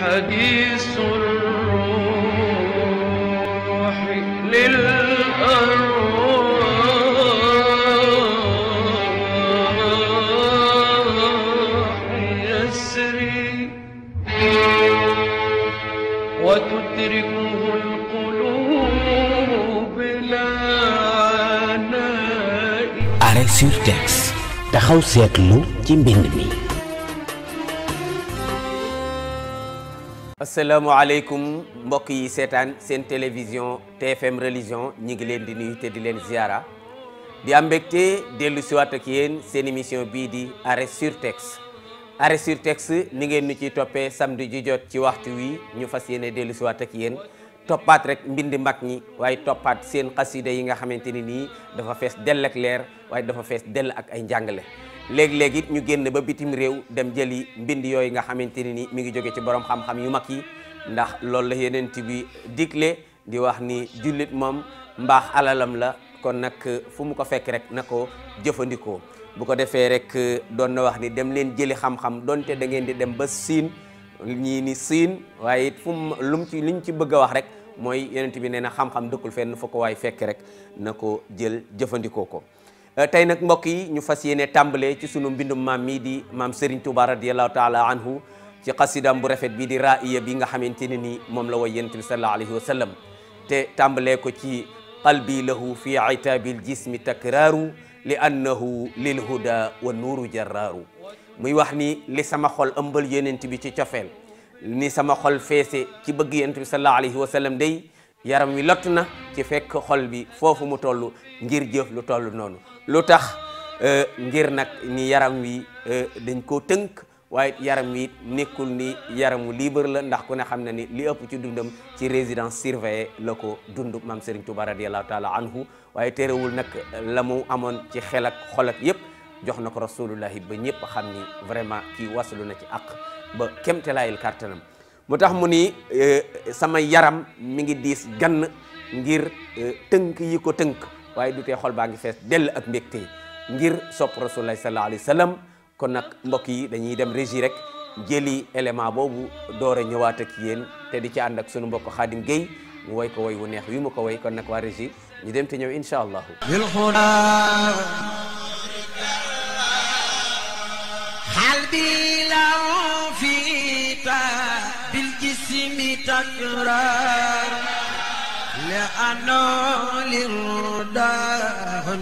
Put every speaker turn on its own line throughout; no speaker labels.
حديث الروح للأرواح يسري وتدركه القلوب لا
عناء arrêt sur texte taxaw seetlu ci mbind mi asalaamaaleykum mbokk yi seetaan seen télévision TFM religion ñi ngi leen di nuyu te di leen ziara di am mbégte dellu siwaat ak yéen seen émission bii di arrêt sur texte arrêt sur texte ni ngeen nu ci toppee samedi ju jot ci waxtu wi ñu fas yéene dellu siwaat ak yéen toppaat rek mbindi mag ñi waaye toppaat seen xasida yi nga xamante ni nii dafa fees dell ak leer waaye dafa fees dell ak ay njàngale léeg-léeg ñu génne ba bitim réew dem jëli mbind yooyu nga xamante ne ni mi ngi jóge ci borom xam-xam yu mag yi ndax loolu la yenent bi digle di wax ni jullit moom mbaax alalam la kon nag fu mu ko fekk rek na ko jëfandikoo bu ko defee rek doon na wax ni dem leen jëli xam donte da ngeen di dem ba siin ñii ni siin waaye it fu mu lum ci liñ ci bëgg a wax rek mooy yenent bi nee na xam fenn fu waay fekk rek na ko jël jëfandikoo ko Euh, tey nag mbokk yi ñu fas yéene tàmbale ci sunu mbindum maam mii di maam Serigne Touba radiyallahu taala anhu ci xasidam bu rafet bi di raiya bi nga xamante ne ni moom la way yonent bi sallallahu alayhi wa sallam te tàmbalee ko ci qalbi lahu fi itaabil jismi takraaru li annahu lil huda wa nuuru jarraaru muy wax ni li sama xol ëmbal yonent bi ci cofeel ni sama xol feese ci bëgg yonent bi sallallahu alayhi wa day yaram wi lott na ci fekk xol bi foofu mu toll ngir jëf lu toll noonu lu tax euh, ngir nag ni yaram wi euh, dañ koo tënk waaye yaram wi nekkul ni yaramu libre la ndax ku ne xam na ni li ëpp ci dundam ci résidence surveillée la ko dund maam Serigne Touba radiyallahu taala anhu waaye terewul nag la mu amoon ci xel ak xol yëpp jox na ko rasulullahi ba ñëpp xam ni vraiment ki wasalu na ci àq ba kemtelaayil kàttanam mu tax mu ni euh, sama yaram mi ngi diis gann ngir tënk yi ko tënk waaye du te xol baa ngi fees dell ak mbégte ngir sopp rasulullah sallallahu alayhi wa kon nag mbokk yi dañuy dem régie rek jëli élément boobu doore ñëwaat ak yéen te di ci ànd ak sunu mbokk Xaadim Guèye mu woy ko woy wu neex wi mu ko woy kon nag waa régie ñu dem te ñëw incha allahu
bilxuda لأنه للرضا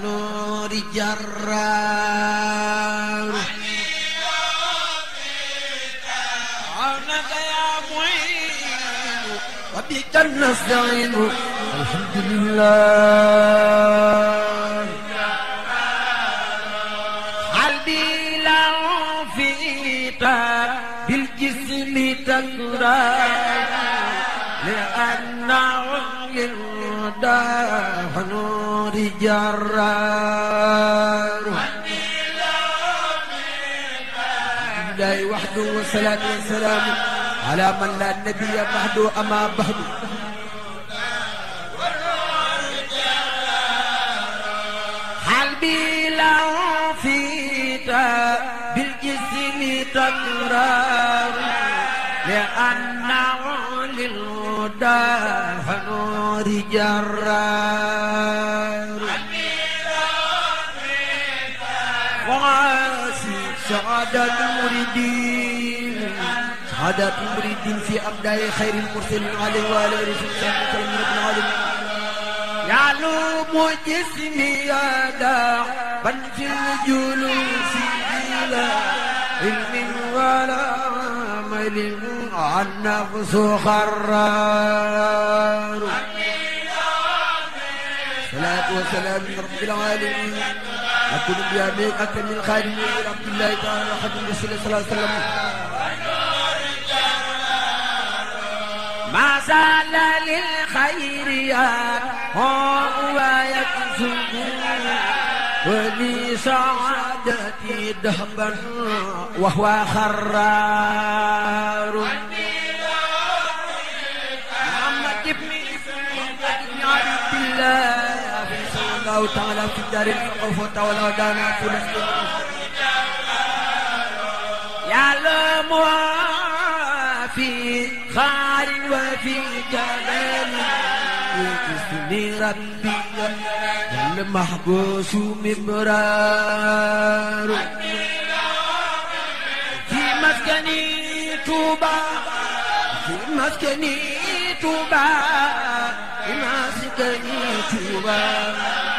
نور جرار
عونك يا معين
وبك نستعين الحمد لله قلبي لو فيك بالجسم تكرار لأنه الجرار عني لا من الله وحده والصلاة والسلام على من لا نبي بعده أما بعده حلبي لا فيت بالجسم تقرار لأنه للهدى فنور جرار شهادة المريدين شهادة المريدين في أبداء خير المرسلين عليه وآله رسول الله يعلوم جسمي هذا بل في الجلوس إلى علم ولا عمل عن نفس خرار صلاة وسلام رب العالمين كل بيامين أكرم من خادم عبد الله تعالى وخدم رسول الله صلى الله عليه وسلم ما زال للخيريات هو يكسب ولسعادتي دهبا وهو خرار الله تعالى في الدار الخوف تولى دانا كل يا لموا في خار وفي جلال باسم ربي المحبوس مبرار في مسكني توبا في مسكني توبا في مسكني توبا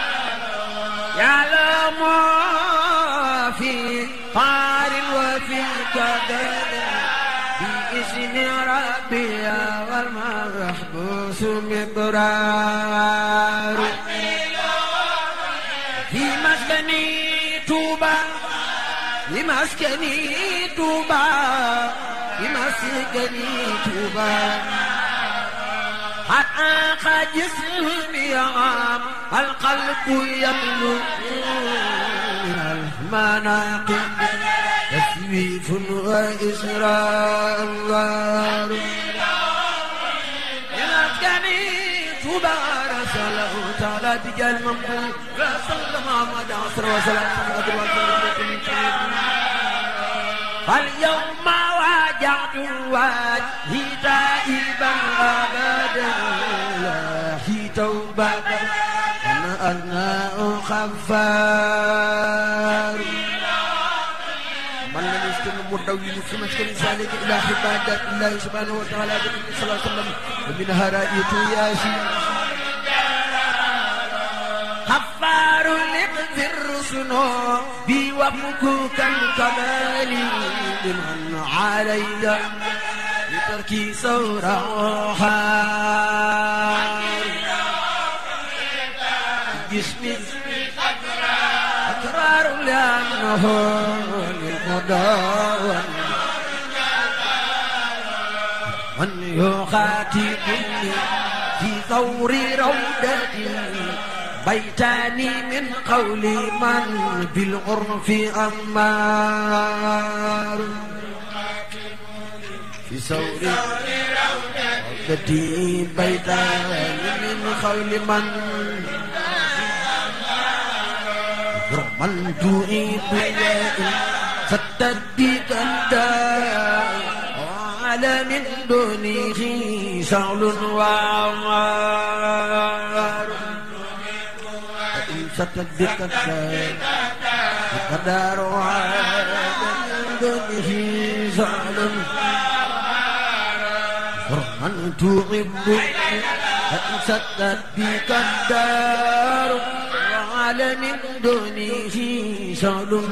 yàlla moo fi xaarin wa fi kadada bi ismi rabbiya wal mahbus miqraar fi maskani tuuba fi maskani tuuba fi maskani tuuba حقق جسم يغام القلب يبلو من المناقب تسويف وإسراء الله من الكنيس بارس له تعالى بجال ممدود رسول محمد عصر وسلام فاليوم عواد هتائبا أبدا الله توبة أنا أغناء خفار من لم يستلم الدولي ثم اشتري ذلك إلى عبادة الله سبحانه وتعالى بإذن صلى الله عليه وسلم ومنها رأيت ياسين حسنا بي وفكك الكمال لمن علي لتركي سوراها جسمي أكرار لأنه للمدون من يخاتبني في ثور روضتي بيتان من قول من بالعرف أمار في سور روضتي بيتان من قول من رملت إبليائي فتدت الدار على من دونه شغل وعمار ستدك قدر عالم دونه زعلم فرحا تعب أن ستدك الدار عالم دونه زعلم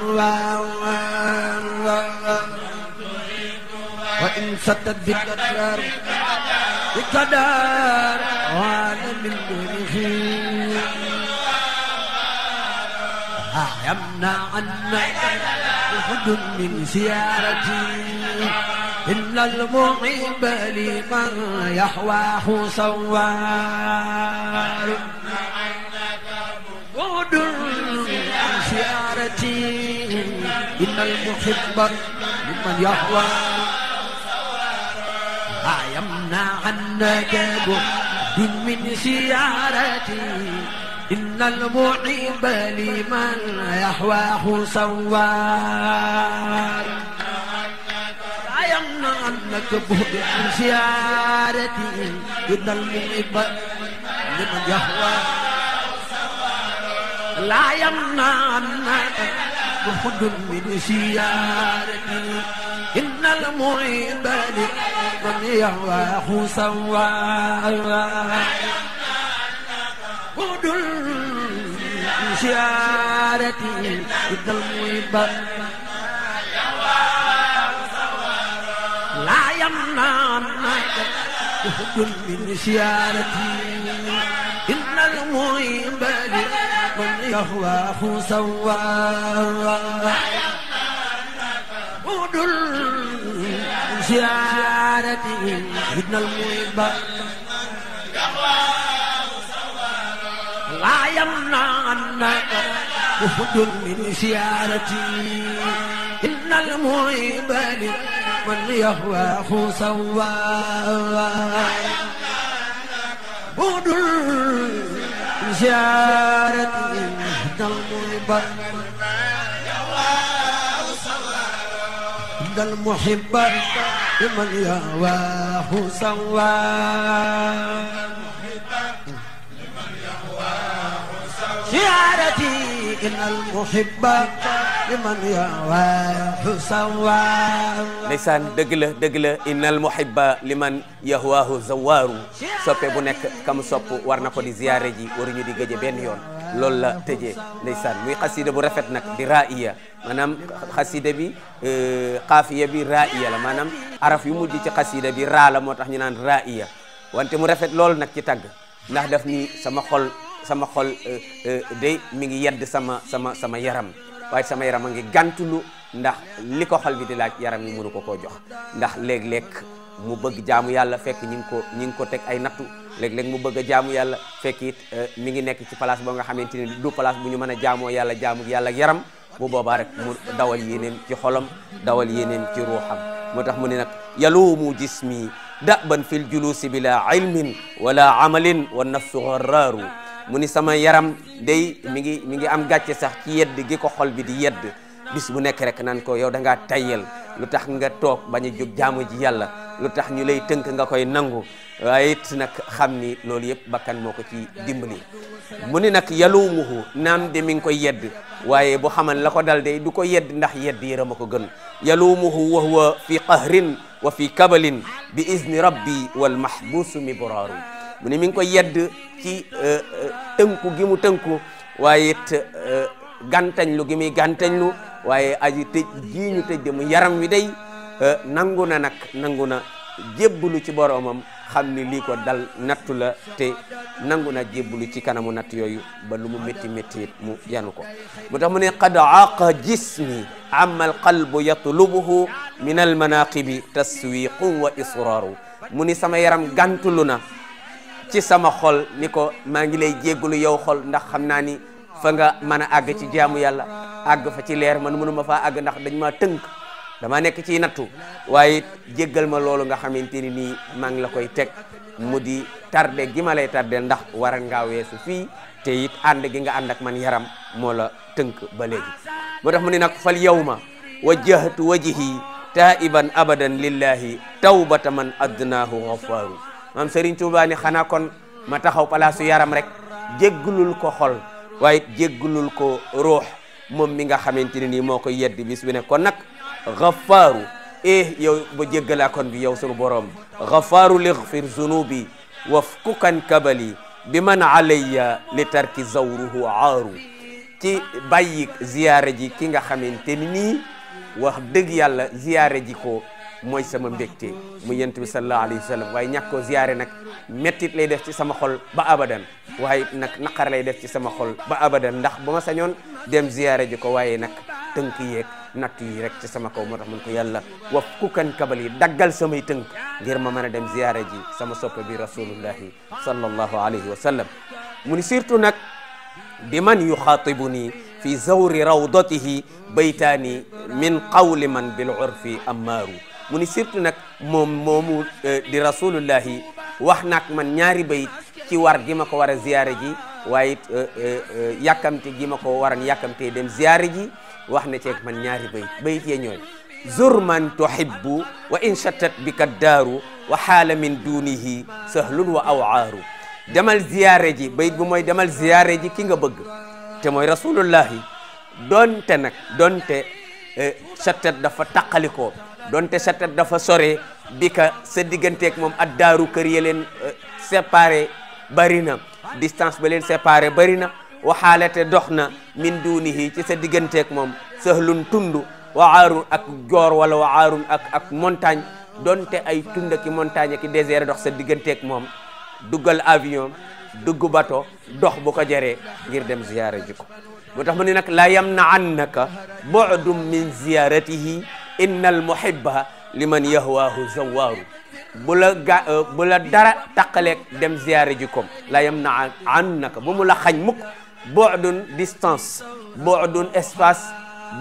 وإن ستت بك الدار بك الدار عالم دونه منها يمنع عنك أحد من زيارتي إن المعيب لمن يحواه سوار بعد من زيارتي إن المحب لمن يحواه يمنع عنك بعد من زيارتي إن المعيب لمن يحواه سوار لا يمنع أنك بهد عن زيارتي إن المعيب لمن يحواه لا يمنع أنك بهد من زيارتي إن المعيب لمن يحواه سوار بزيارتي إذا الميبا لا يمنعنك جهد من زيارتي إن الميبا من يهواه سواه ودل زيارتي إذا الميبا يمنعنا وفد من زيارتي إن المعيب من يهواه سواه بود زيارتي إن المعيب عند المحب لمن يهواه سواه زيارتي إن المحب لمن يهواه زوار
ndeysaan dëgg la dëgg la innal muhibba liman yahwaahu zawaaru soppe bu nekk kam sopp war na ko di ziyaare ji waruñu di gëje benn yoon loolu la tëjee ndeysaan muy xasida bu rafet nag di raiya maanaam xasida bi euh, xaafiya bi raiya la maanaam araf yu mujj ci xasida bi raa moo tax ñu naan raiya wante mu rafet loolu nag ci tagg ndax daf ni sama xol sama xol euh, euh, day mi ngi yedd sama sama sama yaram waaye sama yaram a ngi gàntulu ndax li ko xol bi di laaj yaram yi mënu ko koo jox ndax léeg-léeg mu bëgg jaamu yàlla fekk ñi ngi ko ñi ngi ko teg ay nattu léeg-léeg mu bëgg a jaamu yàlla fekk it euh, mi ngi nekk ci place boo nga xamante ni du place bu ñu mën a jaamoo yàlla jaamu yàlla yaram bu boobaa rek mu dawal yéeneem ci xolam dawal yéeneem ci ruuxam moo tax mu ne nag yaluumu jismi daban fil julusi bila ilmin wala amalin wa nafsu xaraaru mu ni sama yaram day mi ngi mi ngi am gàcce sax ci yedd gi ko xol bi di yedd bis bu nekk rek nan ko yow da ngaa tayyal lu tax nga toog ba a jóg jaamu ji yàlla lu tax ñu lay tënk nga koy nangu waaye ti nag xam ni loolu yëpp bakkan moo ko ci dimbali mu ni nag yalumuhu naam de mi ngi koy yedd waaye bu xamal la ko dal day du ko yedd ndax yedd yërëm a ko gën yalumuhu wa huwa fi qahrin wa fi kabalin bi izni rabbi wal mahbuusu mibraaru mu ne mi ngi ko yedd ci euh, euh, tënku gi mu tënku waaye it euh, gantañlu gimu muy gantañlu waaye aji tëj jii ñu tëj yaram wi day nangu na nag nangu na jébbalu ci boromam xam ni lii ko dal nattu la te nangu na jébbalu ci kanamu natt yooyu ba lu mu métti métti mu yanu ko mu tax mu ne qad aaqa jismi amma alqalbu yatlubuhu min almanaqibi taswiqu wa israaru mu ni sama yaram gantulu na ci sama xol ni ko maa ngi lay jéggalu yow xol ndax xam naa ni fa nga mën a àgg ci jaamu yàlla àgg fa ci leer man mënu ma faa àgg ndax dañ maa tënk dama nekk ci nattu waaye jéggal ma loolu nga xamante ni nii maa ngi la koy teg mu di tardé gi ma lay tarde ndax war ngaa weesu fii te it ànd gi nga ànd ak man yaram moo la tënk ba léegi moo tax mu ne nag fal yawma wajjahtu ta iban abadan lillahi tawbata man adnaahu gaffaaru maam serin Touba ni xanaa kon ma taxaw palaasu yaram rek jéggulul ko xol waaye jéggulul ko ruux moom mi nga xamante ne nii moo koy yedd bis bi ne kon nag xafaaru eh yow kon bi yow sunu borom xafaaru lixfir zunubi wafkukan kabali bi man alayya li tarki zawruhu aaru ci bàyyi ziyaare ji ki nga xamante ni nii wax dëgg yàlla ziyaare ji ko mooy sama mbégte mu yent bi sallallahu alayhi wa sallam waaye ñàkk koo ziyaare nag mettit lay def ci sama xol ba abadan waay nag naqar lay def ci sama xol ba abadan ndax ba ma sañoon dem ziyaare ji ko waaye nag tënk yeeg natt yi rek ci sama kaw moo tax mun ko yàlla wa kukan kabal daggal samay tënk ngir ma mën a dem ziyaare ji sama soppe bi rasulullahi sallallahu alayhi wa sallam mu surtout nag bi man yuxaatibu nii fi zawri rawdatihi baytaani min qawli man bil urfi ammaaru mu ni surtout nag moom moomu euh, di rasulullahi wax nag man ñaari bayit ci war gi ma ko war a ziyaare ji waaye it euh, euh, yàkkamte gi ma ko waran yàkkamte dem ziyaare ji wax na ceeg man ñaari bayit bayit ye ñooy zur man tuhibbu wa in shattat bika daaru wa xaala min dunihi sahlun wa awaaru demal ziyaare ji bayit bu mooy demal ziyaare ji ki nga bëgg te mooy rasulullahi donte nag donte shattat dafa taqali ko donte sa tat dafa sore bi ka sa digganteek moom a daaru kër ya leen euh, séparé bari na distance ba leen séparé bari na waxaalate dox na min duunihi ci sa digganteek moom sahlun tund waaarun ak joor wala waaarun ak ak montagne donte ay tund ki montagne ki désert dox sa digganteeg moom duggal avion dugg bato dox bu ko jëree ngir dem ziyaara ji ko tax mu ne nag la yamna annaka bu'dum min ziyaratihi innal muhibba liman yahwaahu zawaaru bu la ga euh, bu la dara taqaleeg dem ziyaare ji kom la yam na an naka bu mu la xañ mukk boodun distance boodun espace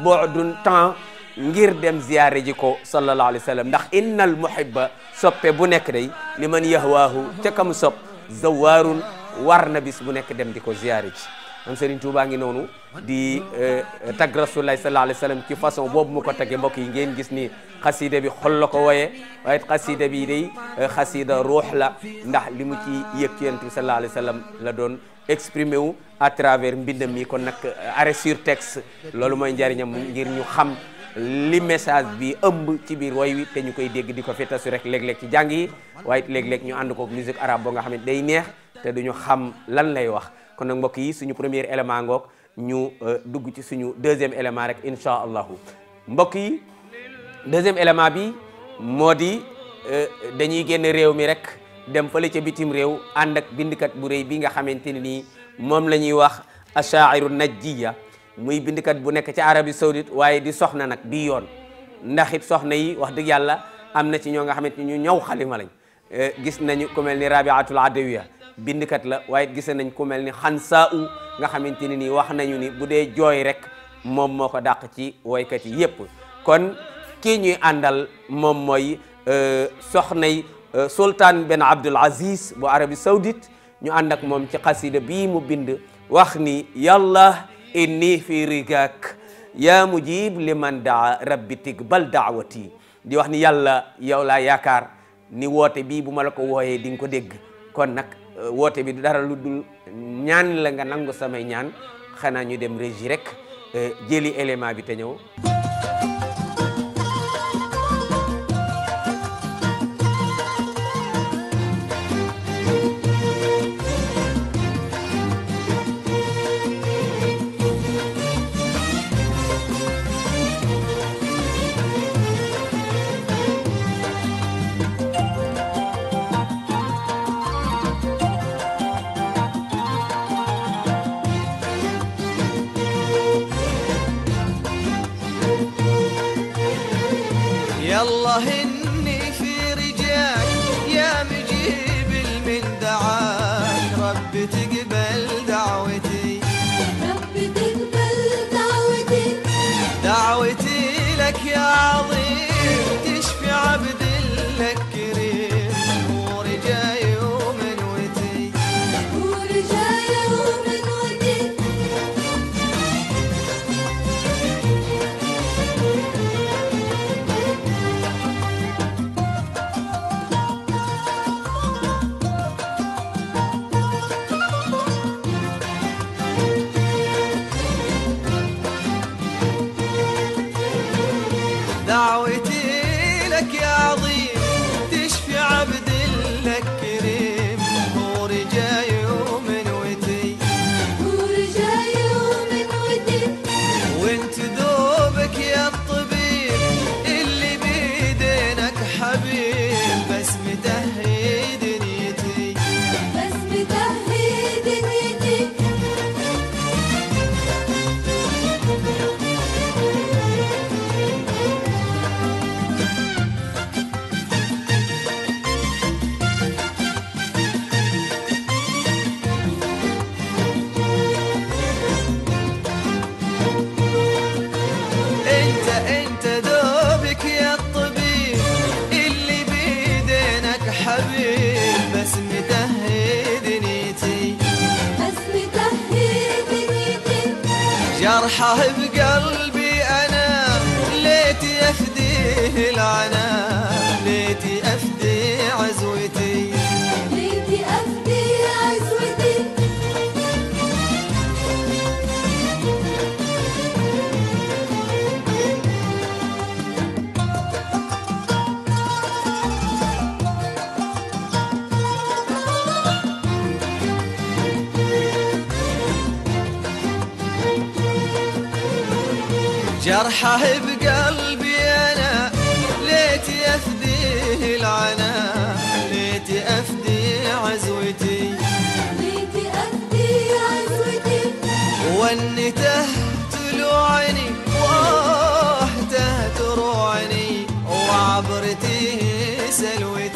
boodun temps ngir dem ziyaare ji ko sallallahu alayhi wa sallam ndax innal muhibba soppe bu nekk day liman yahwaahu ca kam sopp zawaarun war na bis bu nekk dem di ko ziyaare ji kon Serigne Touba ngi noonu di euh, tagg Rasulullah sallallahu alayhi wa sallam ci façon boobu mu ko tagge mbokk yi ngeen gis ni xasida bi xol la ko woyee waaye xasida bi day euh, xasida ruux la ndax li mu ci yëg ci yonent bi sallallahu la doon exprimé wu à travers mbindam mi kon nag euh, arrêt sur texte loolu mooy njariñam ngir ñu xam li message bi ëmb ci biir woy wi te ñu koy dégg di ko fetasu rek léeg-léeg ci jàng yi waaye léeg-léeg ñu ànd kook musique arab boo nga xam ne day neex te duñu xam lan lay wax kon nag mbokk yi suñu premier élément ngoog ñu euh, dugg ci suñu deuxième élément rek incha allahu mbokk yi deuxième élément bi moo di euh, dañuy génne réew mi rek dem fële ca bitim réew ànd ak bindkat bu rëy bi nga xamante ne nii moom la ñuy wax ashairu najjiya muy bindkat bu nekk ci Arabie Saoudite waaye di soxna nag bi yoon ndax it soxna yi wax dëgg yàlla am na ci ñoo nga xamante ni ñu ñëw xalima lañ euh, gis nañu ku mel ni Rabiatul Adawiya bindkat la waaye gise nañ ku mel ni xansaa u nga xamante ni nii wax nañu ni bu dee jooy rek moom moo ko dàq ci woykat yi yépp kon ki ñuy àndal moom mooy euh, soxnay euh, sultan ben abdul aziz bu arabi saoudite ñu ànd ak moom ci xasida bii mu bind wax ni yàlla inni fi rigak yaa mujib liman daa rabbi tigbal daawati di wax ni yàlla yow laa yaakaar ni woote bi bu ma la ko wooyee di nga ko dégg kon woote bi du dara lu dul ñaan la nga nangu samay ñaan xanaa ñu dem régie rek euh, jëli élément bi te ñëw
جرحه
بقلبي أنا ليت يفديه العنا ليت أفدي عزوتي ليت أفدي عزوتي ونته تلوعني واهته تروعني وعبرتي سلوتي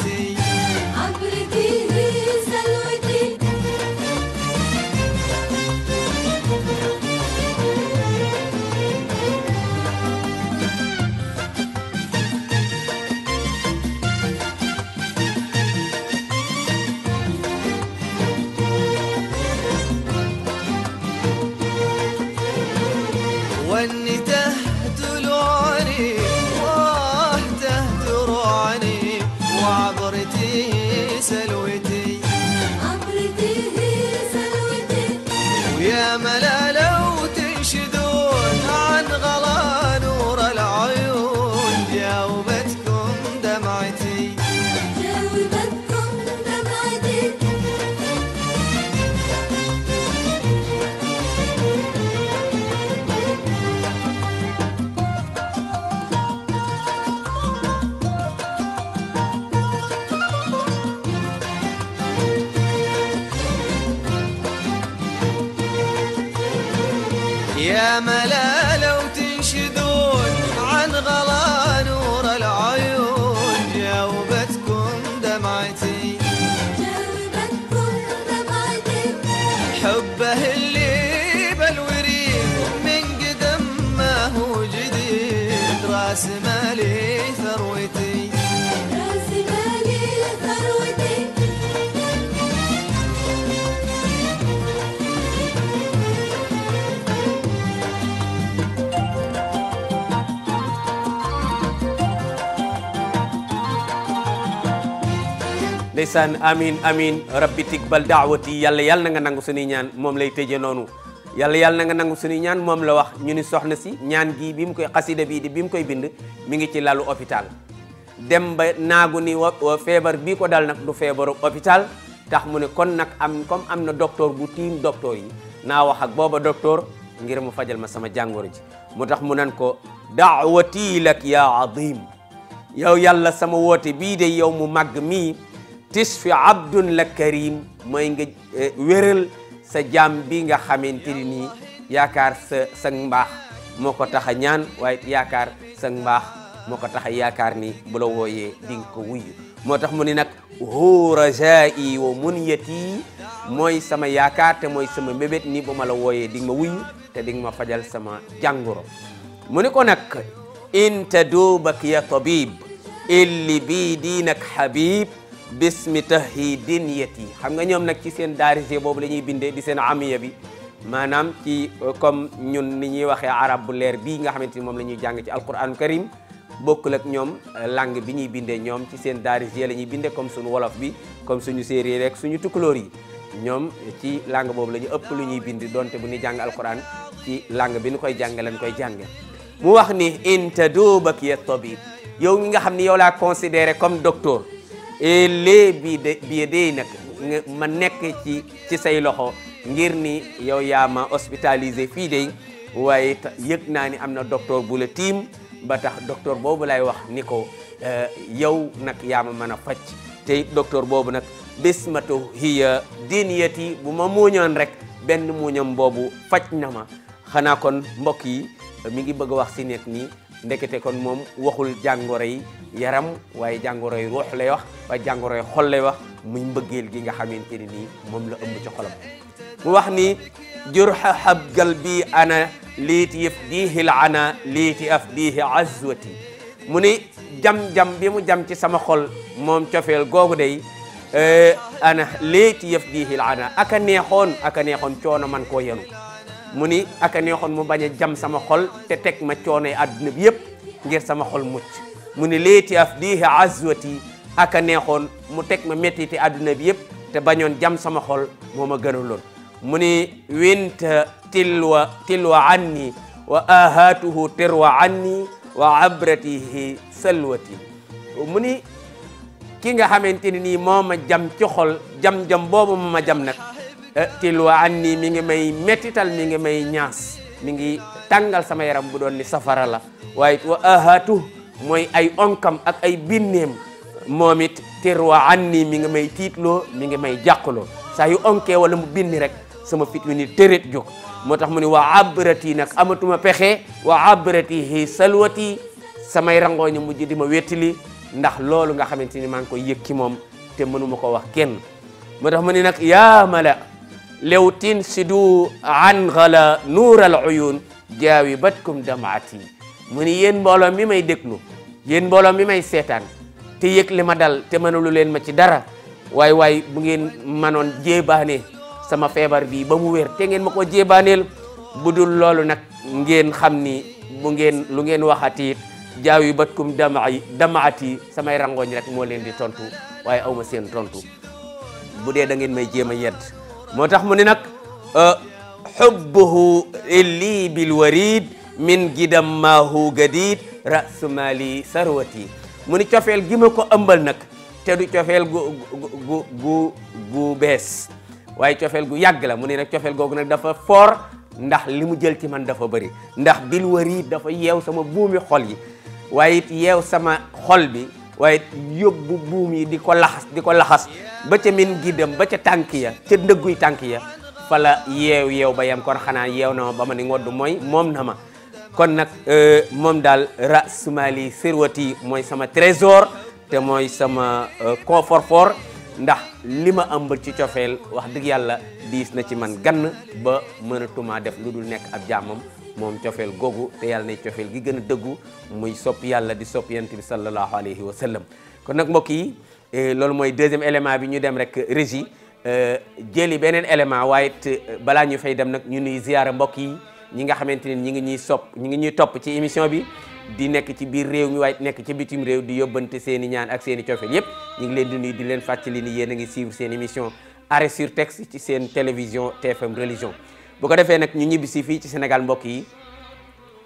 أملاً
ndeysaan amin amin rabbi tiqbal daawati yàlla yàlla na nga nangu suñuy ñaan moom lay tëje noonu yàlla yàlla na nga nangu suñuy ñaan moom la wax ñu ni soxna si ñaan gi bi mu koy xasida bii di bi mu koy bind mi ngi ci lalu hôpital dem ba naagu ni wa feebar bii ko daal nag du feebaru hôpital tax mu ne kon nag am comme am na docteur bu tiim docteur yi naa wax ak booba docteur ngir mu fajal ma sama jàngoro ji mu tax mu nan ko daawati lak ya azim yow yàlla sama woote bii de yow mu màgg tisfi abdun la karim mooy nga eh, wéral sa jaam bi nga xamante ni nii yaakaar sa sa mbaax moo ko tax a ñaan waaye yaakaar sa mbaax moo ko tax a yaakaar ni bu la wooyee di ko wuyu moo tax mu ni nag hu rajaa'i wa munyati mooy sama yaakaar te mooy sama mébét ni bu ma la wooyee di nga ma wuyu te di nga ma fajal sama jàngoro mu ni ko nag in taduubak ya tabib illi bii diinak habib bismi tahyidin yeti xam nga ñoom nag ci seen daarije boobu la ñuy bindee di seen amiya bi maanaam ci euh, comme ñun ni ñuy waxee arab bu leer bii nga xamante ni moom la ñuy jàng ci alquran karim bokkul ak ñoom euh, langue bi ñuy bindee ñoom ci seen daarije la ñuy bindee comme suñu wolof bi comme suñu séeréer rek suñu tukulóor yi ñoom ci langue boobu la ñu ëpp lu ñuy bindi donte bu ñu jàng alquran ci langue bi ñu koy jàng lañ koy jàng mu wax ni inta duubak ya tabib yow ñi nga xam ni yow laa considéré comme docteur et lee bi de bi nag ma nekk ci ci say loxo ngir ni yow yaa ma hospitalisé fii de waaye yëg naa ni am na docteur bu la ba tax docteur boobu lay wax ni ko euh, yow nag yaa ma mën a faj te docteur boobu nag bismatu hiya diniyati bu ma muuñoon rek benn muuñam boobu faj na ma xanaa kon mbokk yi mi ngi bëgg a wax si nekk nii ndekete kon moom waxul jàngoro yi yaram waaye jàngoro yi ruux lay wax waaye jàngoro yi lay wax muy mbëggeel gi nga xamante ne nii moom la ëmb ci xolam mu wax ni jur jurxa gal bi ana liiti yëf diihi la ana liiti af diihi azwati mu ni jam-jam bi mu jam ci sama xol moom cofeel googu day eh, ana liiti yëf diihi l ana aka neexoon aka neexoon coono man koo yenu mu ni aka neexoon mu bañ jam sama xol te teg ma coonoy àdduna bi yëpp ngir sama xol mucc mu ni leeti af diihi aka neexoon mu teg ma mettiti àdduna bi yëpp te bañoon jam sama xol moo ma gënaloon mu ni winta tilwa tilwa anni wa ahatuhu terwa anni wa abratihi salwati mu ni ki nga xamante ni nii moo ma jam jam-jam boobu ma jam nag Eh, tilwa an nii mi ngi may mettital mi ngi may ñaas mi ngi tàngal sama yaram bu doon ni safara la waaye wa ahatu mooy ay onkam ak ay binneem moom it tirwa an nii mi ngi may tiitloo mi ngi may jàqloo saa yu onkee wala mu binni rek sama fit wi ni tërét jóg moo tax mu ne wa abrati nag amatuma pexe wa abrati hi salwati samay rangoo ñu mujj di ma wettili ndax loolu nga xamante ni maa ngi koy yëg ci moom te mënuma ko wax kenn moo tax mu ne nag lew tin sidu an gala nuural uyun jaawi batkum damaati mu ni yéen mbooloo mi may déglu yéen mbooloo mi may seetaan ti yëg li ma dal te mënalu leen ma ci dara waay waay bu ngeen manoon jéebaane sama feebar bi ba mu wér te ma ko jéebaaneel bu dul loolu nag ngeen xam ni bu ngeen lu ngeen waxatiit jaawi batkum damaay damaati samay rangooñ rek moo leen di tontu waaye awma seen tontu bu dee da ngeen may jéem a yedd moo tax mu ne nag xubbuhu euh, illi bil warid min gidam maahu gadid rasumali sarwati mu ni cofeel gi ma ko ambal nag te du cofeel gu gu gu gu bees waaye cofeel gu yàgg la mu ne nak cofeel googu nag dafa foor ndax li mu jël ci man dafa bari ndax bil warid dafa yeew sama buumi xol yi waaye it yeew sama xol bi waaye yóbbu buum yi di ko laxas di ko laxas ba ca min giddam ba ca tànk ya ca ndëgguy tànk ya fala yeew yeew ba yam kon xanaa yeew na ma ba ma ni mooy moom na ma kon nag euh, moom daal ra sumali sirwati mooy sama trésor te mooy sama euh, confort fort ndax li ma ëmbal ci cofeel wax dëgg yàlla diis na ci man gann ba mënatuma def lu dul nekk ab jaamam moom cofeel googu te yàlla ne cofeel gi gën a dëggu muy sop yàlla di sopp yonent bi sallallahu alayhi wa sallam kon nag mbokk yi eh, loolu mooy deuxième élément bi ñu dem rek eh, régie eh, jëli beneen élément waaye it balaa ñu fay dem nag ñu nuy ziyaara mbokk yi ñi nga xamante ne ñi ngi ñuy sopp ñi ngi ñuy topp ci émission bi di nekk ci biir réew mi waaye nekk ci bitim réew di yóbbante seen i ñaan ak seen i cofeel yëpp ñu ngi leen di nuyu di leen fàttali ni yéen a ngi suivre seen émission arrêt sur texte ci seen télévision TFM religion bu ko defee nag ñu ñibbisi fii ci senegal mbokk yi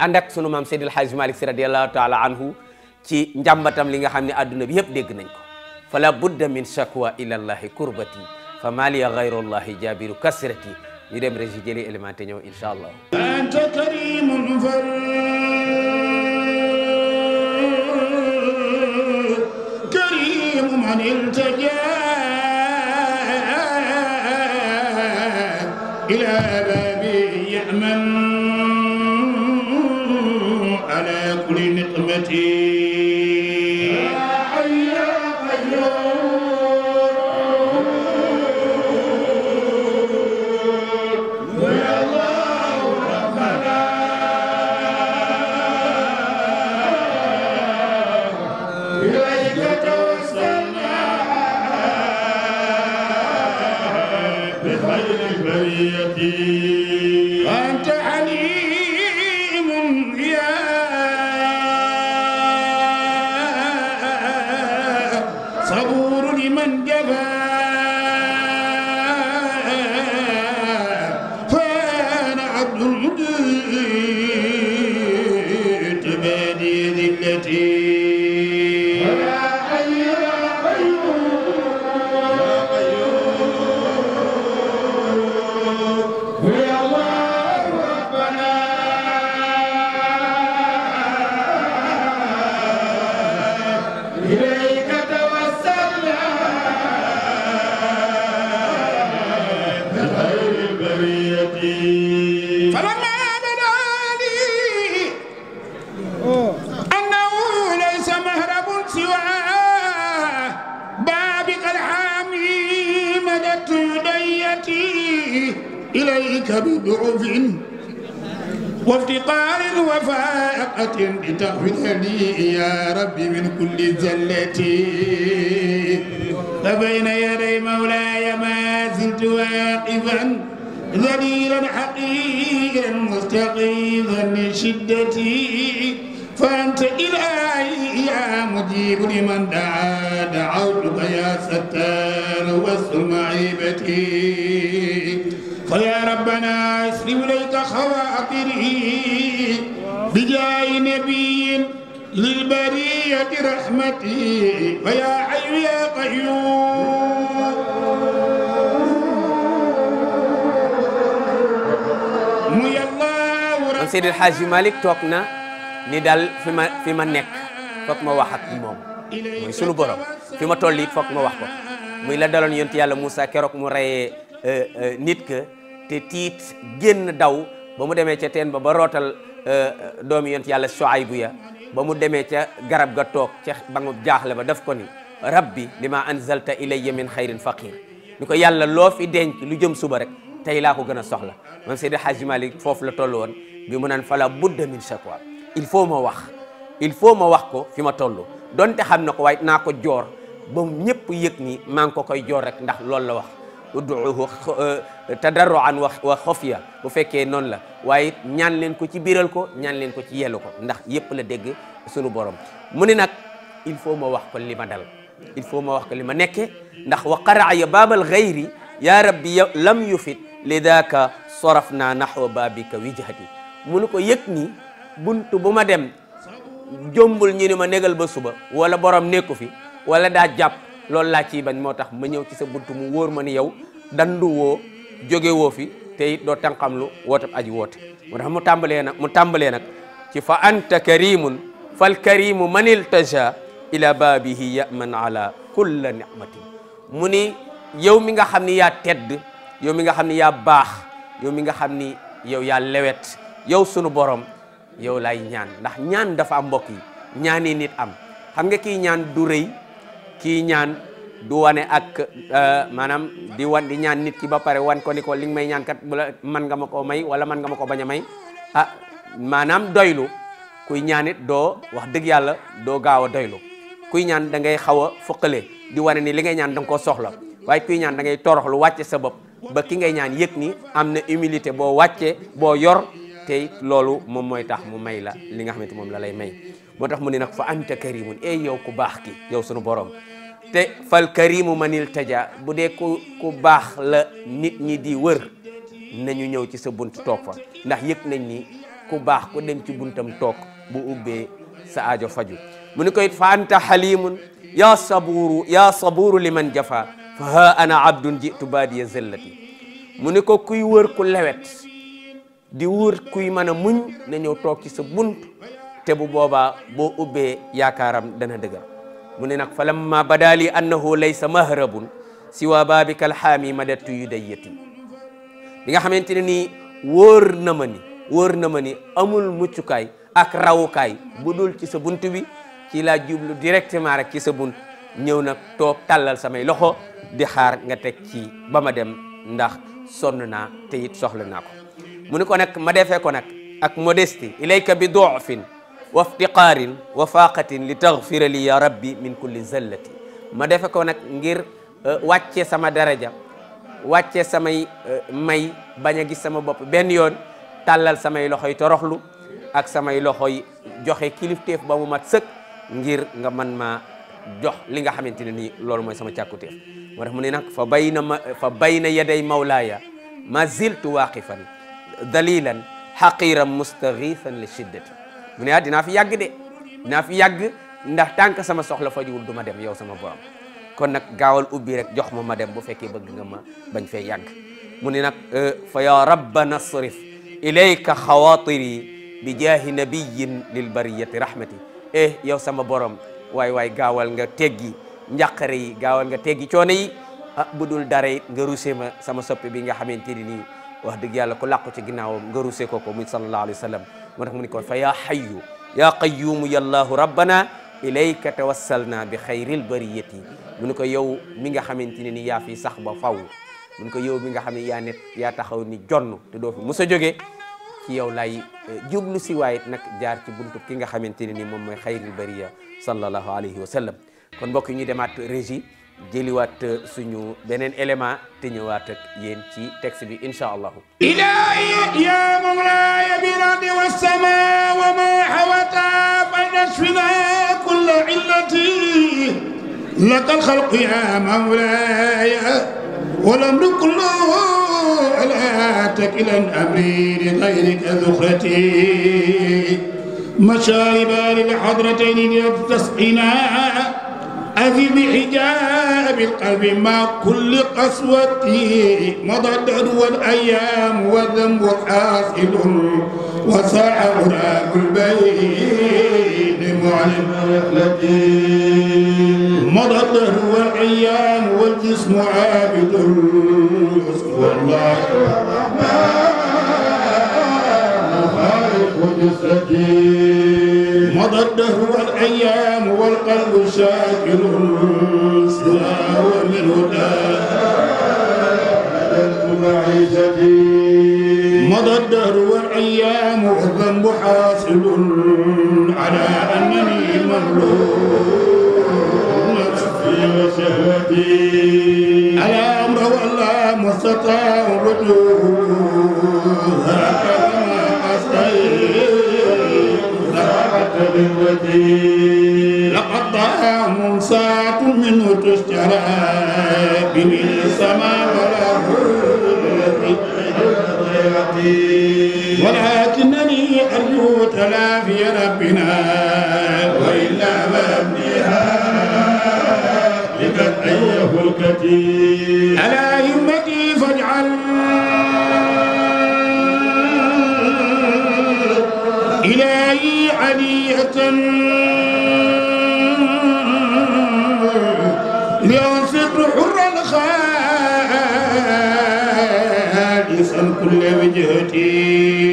ànd ak sunu maam Seydil Hadji Malick Sy radiyallahu taala anhu ci njàmbatam li nga xam ne adduna bi yëpp dégg nañ ko fala budda min shakwa ilallahi kurbati fa maliya gayrullahi jabiru kasrati ñu dem régi jëli élémenté ñëw insha allah
anta karimun fal karimu man iltaja ila نعما على كل نقمه إليك بضعف وافتقار وفاقة لتغفرني يا ربي من كل زلتي فبين يدي مولاي ما زلت واقفا ذليلا حقيرا مستقيما من شدتي فأنت إلهي يا مجيب لمن دعا دعوتك يا ستار واستر معيبتي فيا ربنا اسر إليك خواطري بجاه نبي للبرية رحمتي فيا حي يا قيوم muy Allah
Seydi El Hadji Malick toog na ni daal fi ma fi ma nekk foog ma wax ak moom muy sunu borom fi ma toll it foog ma wax ko muy la daloon yonent yàlla Moussa keroog mu reyee euh, euh, nit ka te tiit génn daw ba mu demee ca teen ba ba rootal euh, euh, doom yont yàlla Suaybu ya ba mu demee ca garab ga toog ca bangu jaaxle ba def ko ni rabbi lima anzalta ilayya min xayrin faqir ni ko yàlla loo fi denc lu jëm suba rek tey laa ko gën a soxla moom Seydi Hadji Malick foofu la toll woon bi mu naan fala budda min shakwa il faut ma wax il faut ma wax ko fi ma toll donte xam na ko waaye naa ko joor ba ñëpp yëg ni maa ngi ko koy joor rek ndax loolu la wax udduuhu euh, tadarruan wa xofya bu fekkee noonu la waaye ñaan leen ko ci biral ko ñaan leen ko ci yellu ko ndax yëpp la dégg sunu borom mu ne nag il faut ma wax ko li ma dal il faut ma wax ko li ma nekke ndax wa qaraa ya baabal gayri ya rabbi lam yufit li daaka soraf naa naxwa baabika wijhati munu ko yëg ni bunt bu ma dem jombul ñu ne ma negal ba suba wala borom nekku fi wala daa jàpp loolu laa ciy bañ moo tax ma ñëw ci sa bunt mu wóor ma ni yow dandu woo fi te it doo tànqamlu wootab aji woote moo tax mu tàmbalee nag mu tàmbalee nag ci fa anta karimun fal karimu man iltaja ila baabihi yaman ala kulla nicmatin mu ni yow mi nga xam ni yaa tedd yow mi nga xam ni yaa baax yow mi nga xam ni yow yaa lewet yow sunu borom yow lay ñaan ndax ñaan dafa am mbokk yi ñaani nit am xam nga kii ñaan du ki ñaan du wane ak euh, maanaam di wan di ñaan nit ki ba pare wan ko ni ko li nga may ñaan kat bu nga ma koo may wala mën nga ma ko bañ a may ah maanaam doylu kuy ñaanit doo wax dëgg yàlla doo gaaw a doylu kuy ñaan da ngay xaw a foqale di wane ni li ngay ñaan da nga koo soxla waaye kuy ñaan dangay ngay toroxlu wàcce sa bopp ba ki ngay ñaan yëg ni am na humilité boo wàccee boo yor te loolu moom mooy tax mu may la li nga xamante moom la lay may moo tax mu ne nag fa anta karimun ey eh yow ku baax ki yow sunu borom te fal karimu manil taja bu dee ku ku baax la nit ñi di wër nañu ñëw ci sa bunt toog fa ndax yëg nañ ni ku baax ku dem ci buntam toog bu ubbee sa ajo faju mu ni ko it fa anta xalimun ya saburu li man jafa fa ha ana abdun jitu baadiya zellati mu ni ko kuy wër ku lewet di wóor kuy mën a muñ na ñëw toog ci sa bunt te bu boobaa boo ubbee yaakaaram dana dëgër mu ne nag fa lamma badaali annahu laysa mahrabun siwa baabika alxaami madattu yu dayyati bi nga xamante ne nii wóor na ma ni wóor na ma ni amul muccukaay ak rawukaay bu dul ci sa bunt bi ci laa jublu directement rek ci sa bunt ñëw nag toog tàllal samay loxo di xaar nga teg ci ba ma dem ndax sonn naa te it soxla naa ko mu ni ko nag ma defee ko nag ak modestie ilayka bi doofin wa iftiqaarin wa faqatin li taxfira li ya rabbi min kulli zallati ma defe ko nag ngir euh, wàccee sama daraja wàccee samay euh, may bañ a gis sama bopp benn yoon tàllal samay loxoy toroxlu ak samay loxoy joxe kilifteef ba mu mat sëkk ngir nga man ma jox li nga xamante ne nii loolu mooy sama càkkuteef moo mu ne nag fa bayna ma fa bayna yaday mawlaaya ma ziltu waaqifan dalilan xaqiran mustagiisan li shiddati mu ne ah dinaa fi yàgg de dinaa fi yàgg ndax tànk sama soxla fajuwul du ma dem yow sama borom kon nag gaawal ubbi rek jox ma ma dem bu fekkee bëgg nga ma bañ fee yàgg mu ne nag eh, fa ya rabbana srif ilayka xawaatiri bi jaahi nabiyin lil bariyati rahmati eh yow sama borom waay waay gaawal nga teggi njàqare yi gaawal nga teggi coono yi ah, bu dul dara it nga rusé ma sama soppe bi nga xamante ni nii wax dëgg yàlla ko làqu ci ginnaawam nga rusee ko ko muy sallallahu alayhi wa sallam moo tax mu ni ko fa yaa xayu yaa qayuumu yallaahu rabbana ilayka tawassalna bi xayril bariyati mu ni ko yow mi nga xamante ne ni yaa fi sax ba faw mu ni ko yow mi nga xam ne yaa net yaa taxaw ni jonn te doo fi mos a jógee ci yow lay eh, jublu si waayit nag jaar ci buntu ki nga xamante ne ni moom mooy xayril bariya sallallahu alayhi wa sallam kon mbokk yi ñu demaat jëliwaat suñu beneen élément te ñëwaat ak yéen ci texte bi incha allahu ilahi ya
mawlaya bil ardi was samaa wa ma hawata fanashfina kulla illati laka alxalqu ya mawlaya wal amru kulluhu ala takilan amri li gayrika zuxrati mashaariba lil hadratayn tasqina أفي بحجاب القلب مع كل قسوة مضت والأيام والذنب حاصل وساع أوراق البيت معلم رحلتي مضت والأيام والجسم عابد والله
الرحمن
خالق جسدي وضده الأيام والقلب شاكر سواه للهدى بدلت معيشتي مضى الدهر والأيام والذنب حاصل على أنني مغلوب نفسي وشهوتي على أمر والله مستطاع رجوع هكذا بقوتي لقد طعام ساعة منه تشترى به السماء ولكنني أرجو تلافي ربنا وإلا مبنيها لقد أيه الكثير ألا يمتي فاجعل لينفق حرا خالصا كل وجهتي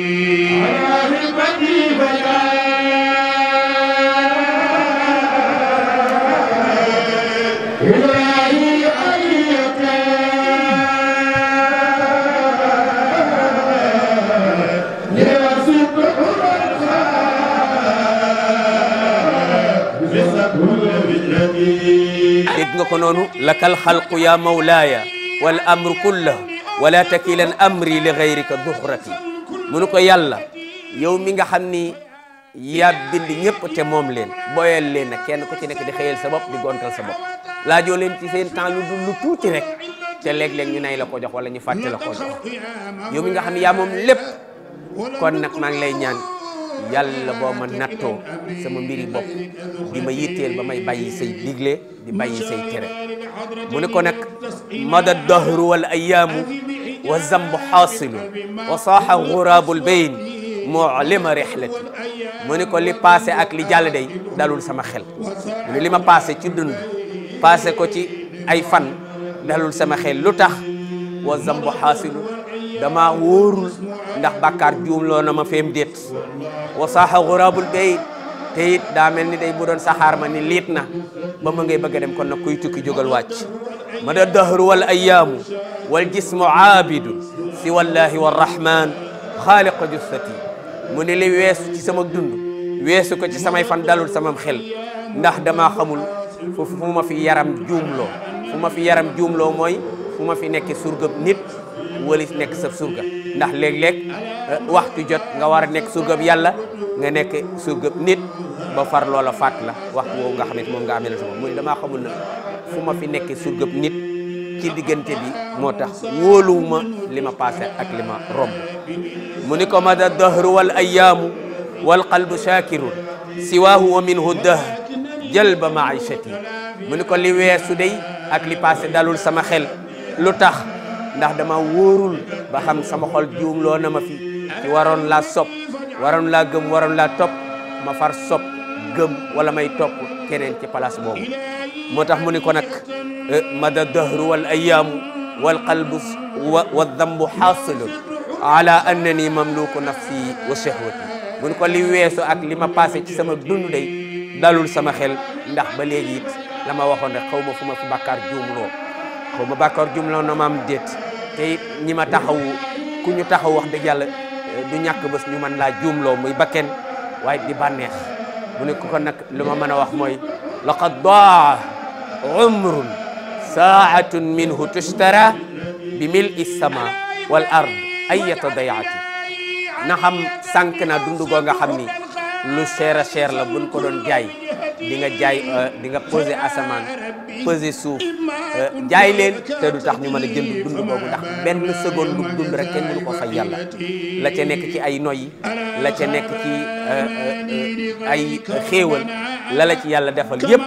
ko noonu lakal xalqu ya mawlaaya wal amru kullahu wala takilan amri li gayrika duxrati munu ko yàlla yow mi nga xam ni yaa bind ñëpp te moom leen boyal leen nag kenn ku ci nekk di xëyal sa bopp di gontal sa bopp laajoo leen ci seen temps lu dul lu tuuti rek te léeg-léeg ñu nay la ko jox wala ñu fàtte la ko jox yow mi nga xam ne yaa moom lépp kon nag maa ngi lay ñaan yàlla boo ma nattoo sama mbiri bopp di ma yitteel ba may bàyyi say digle di bàyyi say tere mu ne ko nag mada dahru wal ayaamu wa zambu xaasilu wa saaxa guraabul bayn mu ne ko li passé ak li jàll day dalul sama xel mu ne li ma paase ci dund passé ko ci ay fan dalul sama xel lu tax wa zambu xaasilu dama wóorul ndax bàkkaar juumloo na ma feem déet wa saaxa xurabul bayt te it daa mel ni day bu doon saxaar ma ni liit na ba ma ngay bëgg a dem kon nag kuy tukki jógal wàcc ma da dahru wal ayaamu wal jismu aabidun si wallahi wa rahman xaaliqa jussati mu ne li weesu ci sama dund weesu ko ci samay fan dalul samam xel ndax dama xamul fu fu ma fi yaram juumloo fu ma fi yaram juumloo mooy ma fi nekk surgëb nit walis nekk sa surga ndax léeg-léeg eh, waxtu jot nga war a nekk surgab yàlla nga nekk surgab nit ba far loola fàtt la waxtu woowu nga xam ne moom nga amee la sama mu ne damaa xamul na ma fi nekkee surgab nit ci diggante bi moo tax wóoluwuma li ma passé ak lima ma romb mu ni ko mada dahru wal ayaamu wal qalbu shakirun siwaahu wa minhu dahr jalba maishati mu ni ko li weesu day ak li passé dalul sama xel lu tax ndax dama wóorul ba xam sama xol juum na ma fi waroon laa sopp waroon laa gëm waroon laa top ma far sopp gëm wala may top keneen ci place boobu moo tax mu ni ko nag eh, mada dahru wal ayaamu wal qalbu wa dambu xaasilun ala annani mamluku nafsi wa shahwati mu ni ko li weesu ak li ma passé ci sama dund day dalul sama xel ndax ba léegi it la ma waxoon rek xaw ma fu ma fi bàkkaar juumloo xaw ma bàkkaar na ma am déet ñi ma taxawu ku ñu taxaw wax dëgg yàlla du ñàkk bés ñu man laa juumloo muy bakken waaye di bànneex mu ne ko nag lu ma mën a wax mooy laqad daa umrun saatun minhu tushtara bi mil sama wal ard ayata dayaati na xam sank na dund goo nga xam ni lu cher a la buñ ko doon jaay di nga jaay euh, di nga posé asamaan posé suuf euh, jaay leen te du tax ñu mën a jënd dund boobu ndax benn seconde bu dund rek kenn mënu ko fay yàlla la ca nekk ci ay noyyi la ca nekk ci euh, ay xéewal la la ci yàlla defal yépp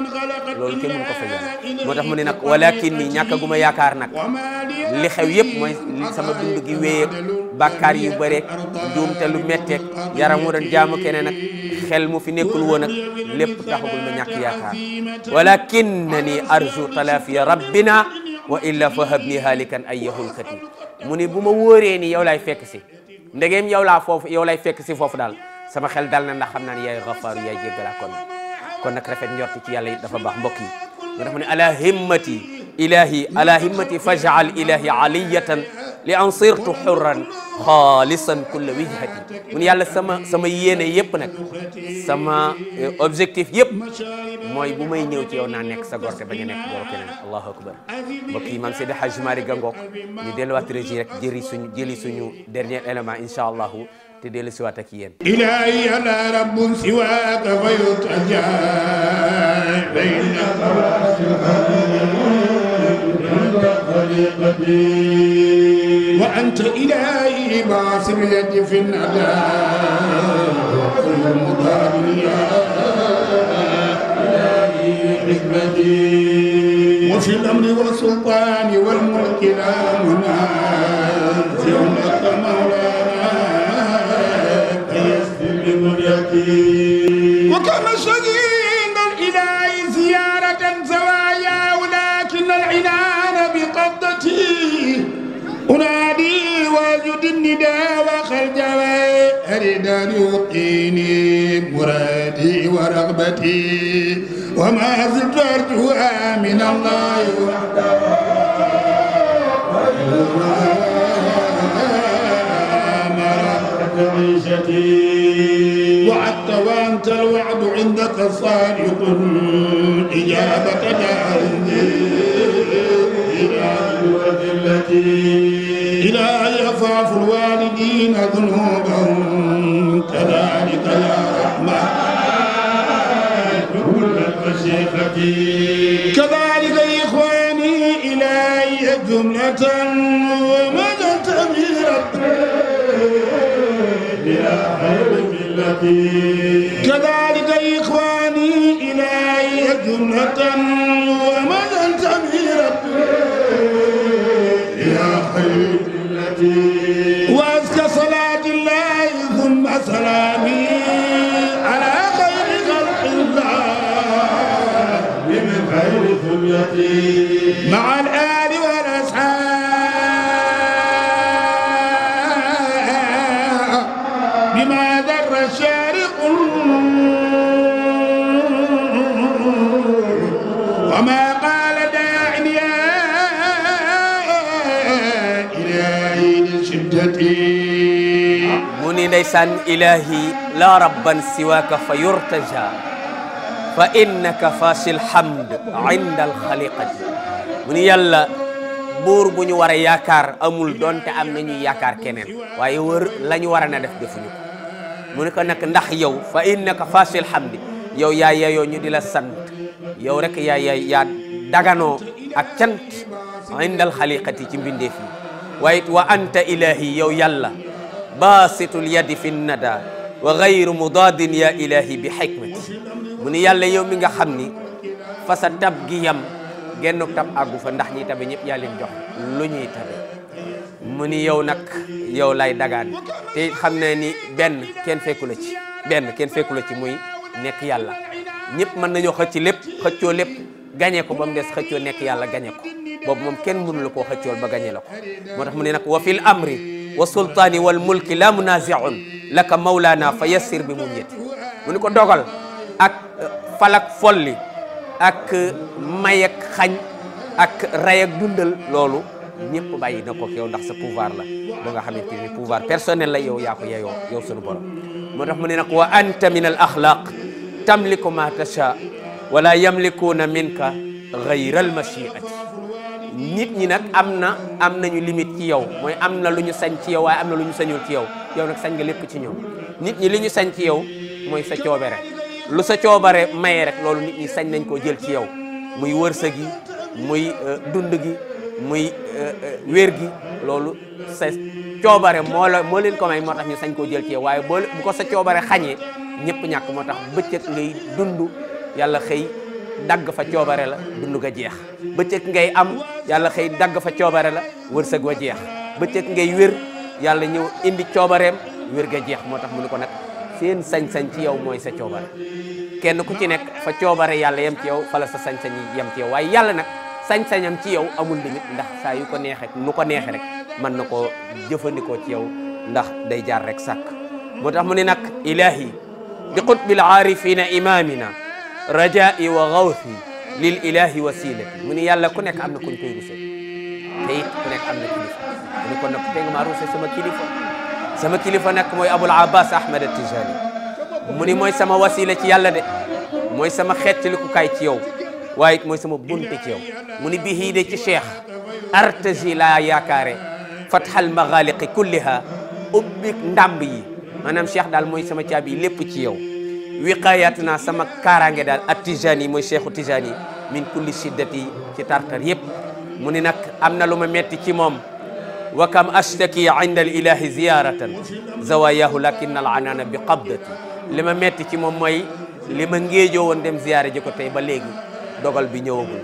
loolu kenn mënu ko fay yàlla moo tax mu ne nag walakin nii ñàkk gu ma yaakaar nag li xew yépp mooy sama dund gi wéyeeg bàkkaar yu bëreeg njuumte lu metteeg yaram mu doon jaamu keneen ak xel mu fi nekkul woon ak lépp taxagul ma ñàkk yaakaar walakinnani arju talaafiya rabbina wa illa fahabni halikan ayyahul katim mu ne bu ma wóoree ni yow lay fekk si ndegeem yow laa foofu yow lay fekk si foofu daal sama xel dal na ndax xam naa ne yaay xafaaru yaay jéggalaa kon kon nag rafet njort ci yàlla it dafa baax mbokk yi nga dafa ne ala himmati ilahi ala himmati fajal ilahi aliyatan li an sirtu xurran xaalisan kulla wijhati mun yàlla sama sama yéene yëpp nag sama euh, objectif yëpp mooy bu may ñëw ci yow naa nekk sa gorte bañ a nekk góor keneen allahu akbar mbokk yi maam Seydi Hajji Maalik Gangook ñu delluwaat rëji rek jëri suñu jëli suñu dernier élément incha allahu te dellu siwaat ak yéen
ilahi ala rabbun siwaka fayutaja bayna salaati وأنت إلهي ما سمعت في الندى المضاد يا إلهي حكمتي وفي الأمر والسلطان والملك لا منازع لك مولانا فيسر لملكي وكان شديد الإله زيارة زوايا ولكن العنان بقبضتي هنا النداء وخل دار يقيني مرادي ورغبتي وما زلت أرجوها من الله وحده وعدت وانت الوعد عندك صادق اجابتك عندي التي إلى يفاف الوالدين ذنوبهم كذلك يا رحمن كل المشيخة كذلك إخواني إلهي جملة ومدة من ربي يا خير ملتي كذلك إخواني إلهي جملة ومدة من ربي يا خير وأزكى صلاة الله ثم سلامي على خير خلق الله من خير ثميتي مع
lisan ilahi la rabban siwaka fa yurtaja fa innaka fasil hamd alxaliqati mu ni yàlla buur bu ñu war a yaakaar amul donte am na ñuy yaakaar keneen waaye wër la ñu war a na def defuñu ko ka ni ko nag ndax yow fa innaka fasil hamd yow yaa yeyoo ñu di la sant yow rek yaa ya yaa daganoo ak cant indal xaliqati ci mbindeef yi wa anta ilahi yow yàlla baasitul yadi fi nada wa gayru mudaadin ya ilahi bi xikmati mu ni yàlla yow mi nga xam ni fa sa tab gi yam gennuk tab àggu fa ndax ñi tabe ñëpp yaa leen jox lu ñuy ni yow nag yow lay dagaan te xam na ni benn kenn fekku la ci benn kenn fekku la ci muy nekk yàlla ñëpp mën nañoo xëcc lépp xëccoo lépp gañe ko ba mu des xëccoo nekk yàlla gañe ko boobu moom kenn mënu la koo xëccool ba gañe la ko tax mu ne wa fil amri wa sultaani wal mulki la munaziun laka mawlaana fa yassir bi mu ñetti mu ni ko dogal ak uh, falak folli ak uh, may ak xañ ak ray ak dundal loolu ñëpp bàyyi na ko yow ndax sa pouvoir la ba nga xamante ni pouvoir personnel la yow yaa ko yeyoo yow sunu borom moo tax mu ne nag wa anta min al axlaq tamliku ma tacha wala yamlikuuna minka gayra al machiati nit ñi nag am na am nañu limite ci yow mooy am na lu ñu sañ ci yow waaye am na lu ñu sañul ci yow yow nag sañ nga lépp ci ñoom nit ñi li ñu sañ ci yow mooy sa coobare lu sa coobare maye rek loolu nit sañ nañ koo jël ci yow muy wërsëg gi muy euh, dund gi muy euh, wér gi loolu sa coobare moo la moo leen ko may moo tax ñu sañ koo jël ci yow waaye boo bu ko sa coobare xañee ñëpp ñàkk moo tax bëccëg ngay dund yàlla xëy dagg fa coobare la dund nga jeex bëccëg ngay am yàlla xëy dagg fa coobare la wërsëg wa jeex bëccëg ngay wér yàlla ñëw indi coobareem wér ga jeex moo tax mu ne ko nag seen sañ-sañ ci yow mooy sa coobare kenn ku ci nekk fa coobare yàlla yem ci yow fala sa sañ-sañ yem ci yow waaye yàlla nag sañ-sañam ci yow amul limite ndax saa yu ko neexee nu ko neexee rek mën na koo jëfandikoo ci yow ndax day jaar rek sàkk moo tax mu ne nag ilahi bi qutbil aarifina imamina rajai wa gawthi lil ilahi wasilati mu ni yàlla ku nekk am na kuñ koy ruse te ku nekk am na kilifa mu sama kilifa sama kilifa nag mooy abul abbas ahmad atijani mu ni mooy sama wasila ci yàlla de mooy sama xeetaliku kaay ci yow waaye it mooy sama bunte ci yow mu ni bihi de ci cheikh artaji laa yaakaare fatxal maghaliqi kulliha ubbik ndàmb yi maanaam cheikh daal mooy sama caabi lépp ci yow wiqaayaat na sama kaaraange daal at tijaan yi mooy cheikhu tijaan yi min kulli shiddati ci tartar yëpp mu ni nag am na lu ma metti ci moom wa kam ashtaki inda al ilahi ziyaratan zawayahu lakin al anana bi qabdati li ma metti ci moom mooy li ma ngéejoo woon dem ziyaare ji ko ba léegi dogal bi ñëwagul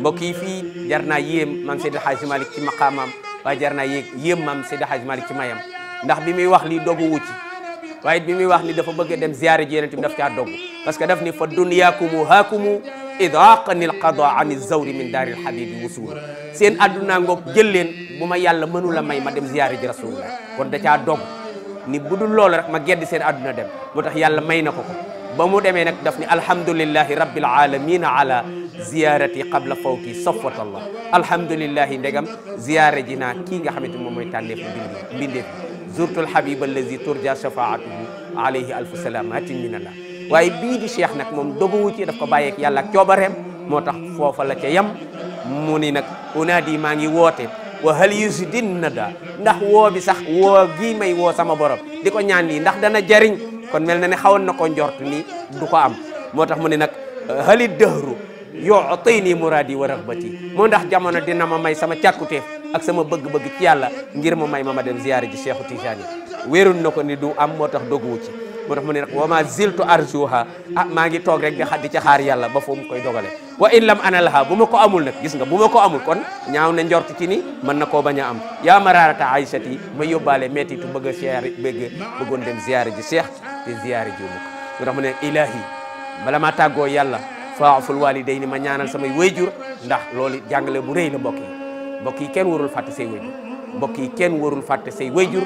mbokk yi fii jar naa yéem maam Seydi Hadji Malick ci maqaamam waaye jar naa yéeg yéem maam Seydi Hadji Malick ci mayam ndax bi muy wax lii dogu wu ci waaye bi muy wax ni dafa bëgg dem ziyaare ji yonent bi daf caa dogg parce que daf ni fa duniyaakumu haakumu idaqani alqada an izawri min daari alhabibi wusuul seen adduna ngoog jël leen bu ma yàlla mënula may ma dem ziyaare ji rasulullah kon da caa dogg ni bu dul ma geddi seen aduna dem mu tax yàlla may na ko ko ba mu demee nag daf ni alhamdulillahi rabbil alamina ala ziyarati qabla fawti safwat allah alhamdulillahi ndegam ziyaare ji naa kii nga xamante moom mooy tànneefu mbindeef zurtul habiba allazi turja shafaatuhu alayhi alfu salamatin minallah waaye bii di cheikh nag moom dogowu ci daf ko bàyyeek yàlla ak coobareem moo tax foofa la ca yem mu ni nag unaadi maa ngi woote wa hal yusdin na da ndax woo bi sax woo gii may woo sama borom di ko ñaan lii ndax dana jariñ kon mel na ne xawoon na ko njort ni du ko am moo tax mu ne nag hali dëhru yoo tey muraadi wa ragbati moo ndax jamono dina ma may sama càkkuteef ak sama bëgg-bëgg ci yàlla ngir mu may ma ma dem ziyaare ji Cheikhu Tijaan yi wéerul na ko ni du am moo tax doguwu ci moo tax mu ne nag wa ma ziltu arjuha ah maa ngi toog rek di ca xaar yàlla ba foo mu koy dogale wa in lam analaha ma ko amul nag gis nga bu ma ko amul kon ñaaw na njort ci ni mën na koo bañ a am yaa mararata aysati ma yóbbaale mettitu bëgg a ziyaare bëgg bëggoon dem ziyaare ji Cheikh te ziyaare ji mu ko moo tax mu ne tàggoo yàlla faaful walidayni ma ñaanal samay wayjur ndax loolu jàngale bu rëy la mbokk mbokk yi kenn warul fàtte say wayjur mbokk yi kenn warul fàtte say wayjur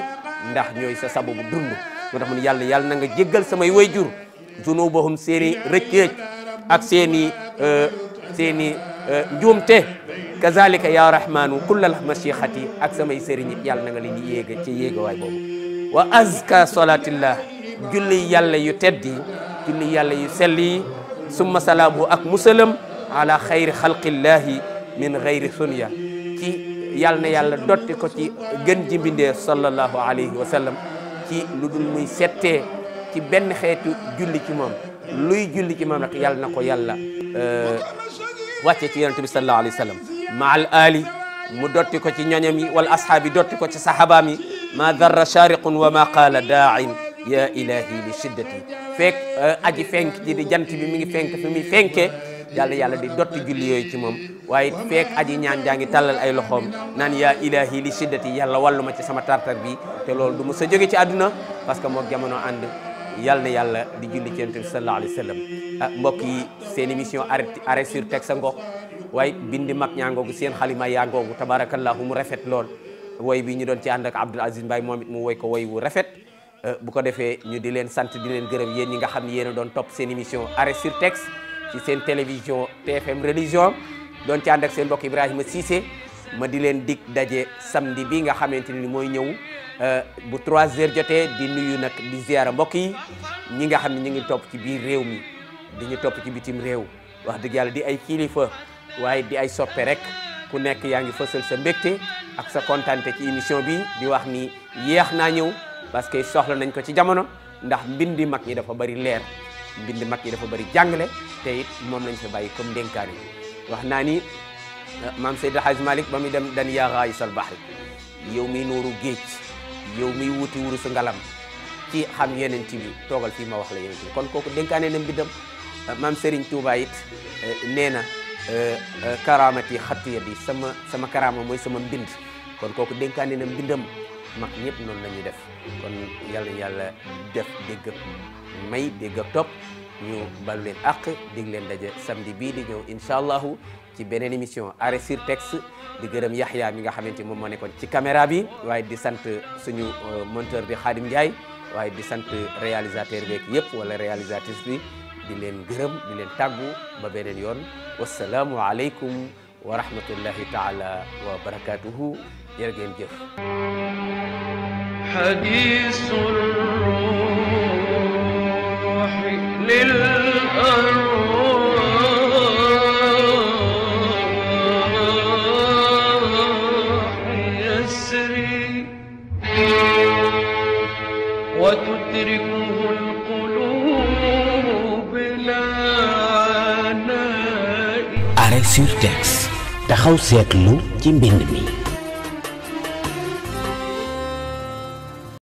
ndax ñooy sa sababu dund moo tax mu ne yàlla yàlla na nga jéggal samay wayjur zunubahum seeni rëcc-rëcc ak seeni euh, seeni euh, njuumte kazalika ya rahmanu kullal masiixati ak samay sëriñ it yàlla na nga leen yéega ci yéegawaay boobu wa azka salatillah julli yàlla yu teddi julli yàlla yu sell yi ak musalam ala xayri xalqillahi min xayri sunya ci yàlla na yàlla dotti ko ci gën ji mbindeef sallallahu alayhi wa sallam ci lu dul muy settee ci benn xeetu julli ci moom luy julli ci moom rek yàlla na ko yàlla euh, wàccee ci yonente bi sallallahu alayhi wa sallam ali mu dotti ko ci ñoñam yi wala ashaabi dotti ko ci sahabaam yi ma darra shariqun wa ma qaala daain ya ilahi li shiddati fekk euh, aji fenk ji di jant bi mi fenk fi muy fenkee yàlla yàlla di dotti julli yooyu ci moom waaye feek aji ñaan jaangi ngi tàllal ay loxoom naan yaa ilaahi li siddati yàlla wallu ma ci sama tartar bi te loolu du ma sa jóge ci àdduna parce que moo jamono ànd yàlla na yàlla di julli ci yonent bi sallallahu alayhi ah, yi seen émission arrêt arrêt sur texte ngoog waaye bindi mag ñaa ngoogu seen xalima yaa ngoogu tabarakallahu mu rafet lool woy bi ñu doon ci ànd ak Abdoul Aziz Mbaye moom it mu woy ko woy wu rafet ah, bu ko defee ñu di leen sant di leen gërëm yéen ñi nga xam ne yéen doon topp seen émission ci seen télévision TFM religion doon ci ak seen mbokk Ibrahima Cissé ma di leen dig daje samedi bi nga xamante ni mooy ñëw euh, bu 3 heures jotee di nuyu nag di ziara mbokk yi ñi nga xam ne ñu ngi topp ci biir réew mi di ñu topp ci bitim réew wax dëgg yàlla di ay kilifa waaye di ay soppee rek ku nekk yaa ngi fa fësal sa mbégte ak sa kontante ci émission bi di wax ni yeex naa ñëw parce que soxla nañ ko ci jamono ndax mbindi mag ñi dafa bari leer mbind mag yi dafa bëri jàngale te it moom lañ fa bàyyi comme ndénkaan wax naa ni maam Seydi Hadj Malick ba mi dem dan yaa raayisal bahri yow miy nooru géej yow mi wuti wuru su ngalam ci xam yeneen ti bi toogal fii ma wax la yeneen ti kon kooku dénkaane na mbindam maam Serigne Touba it nee na karaamati xattu ya bi sama sama karaama mooy sama mbind kon kooku dénkaane na mbindam mag ñëpp noonu la ñuy def kon yàlla yàlla def dégg may dégg ak topp ñu balu leen àq dig leen daje samedi bii di ñëw incha allahu ci beneen émission arrêt sur texte di gërëm Yaxya mi nga xamante moom moo nekkoon ci caméra bi waaye di sant suñu euh, monteur bi Khadim Ndiaye waaye di sant réalisateur beeg yëpp wala réalisatrice bi di leen gërëm di leen tàggu ba beneen yoon wasalaamu aleykum wa rahmatullahi taala wa barakatuhu jërë ngeen jëf. arrêt sur texte taxaw seetlu ci mbind mi